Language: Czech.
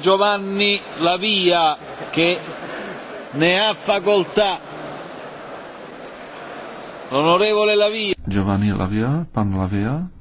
Giovanni Lavia che ne ha facoltà. Onorevole Lavia. Giovanni Lavia, pan Lavia.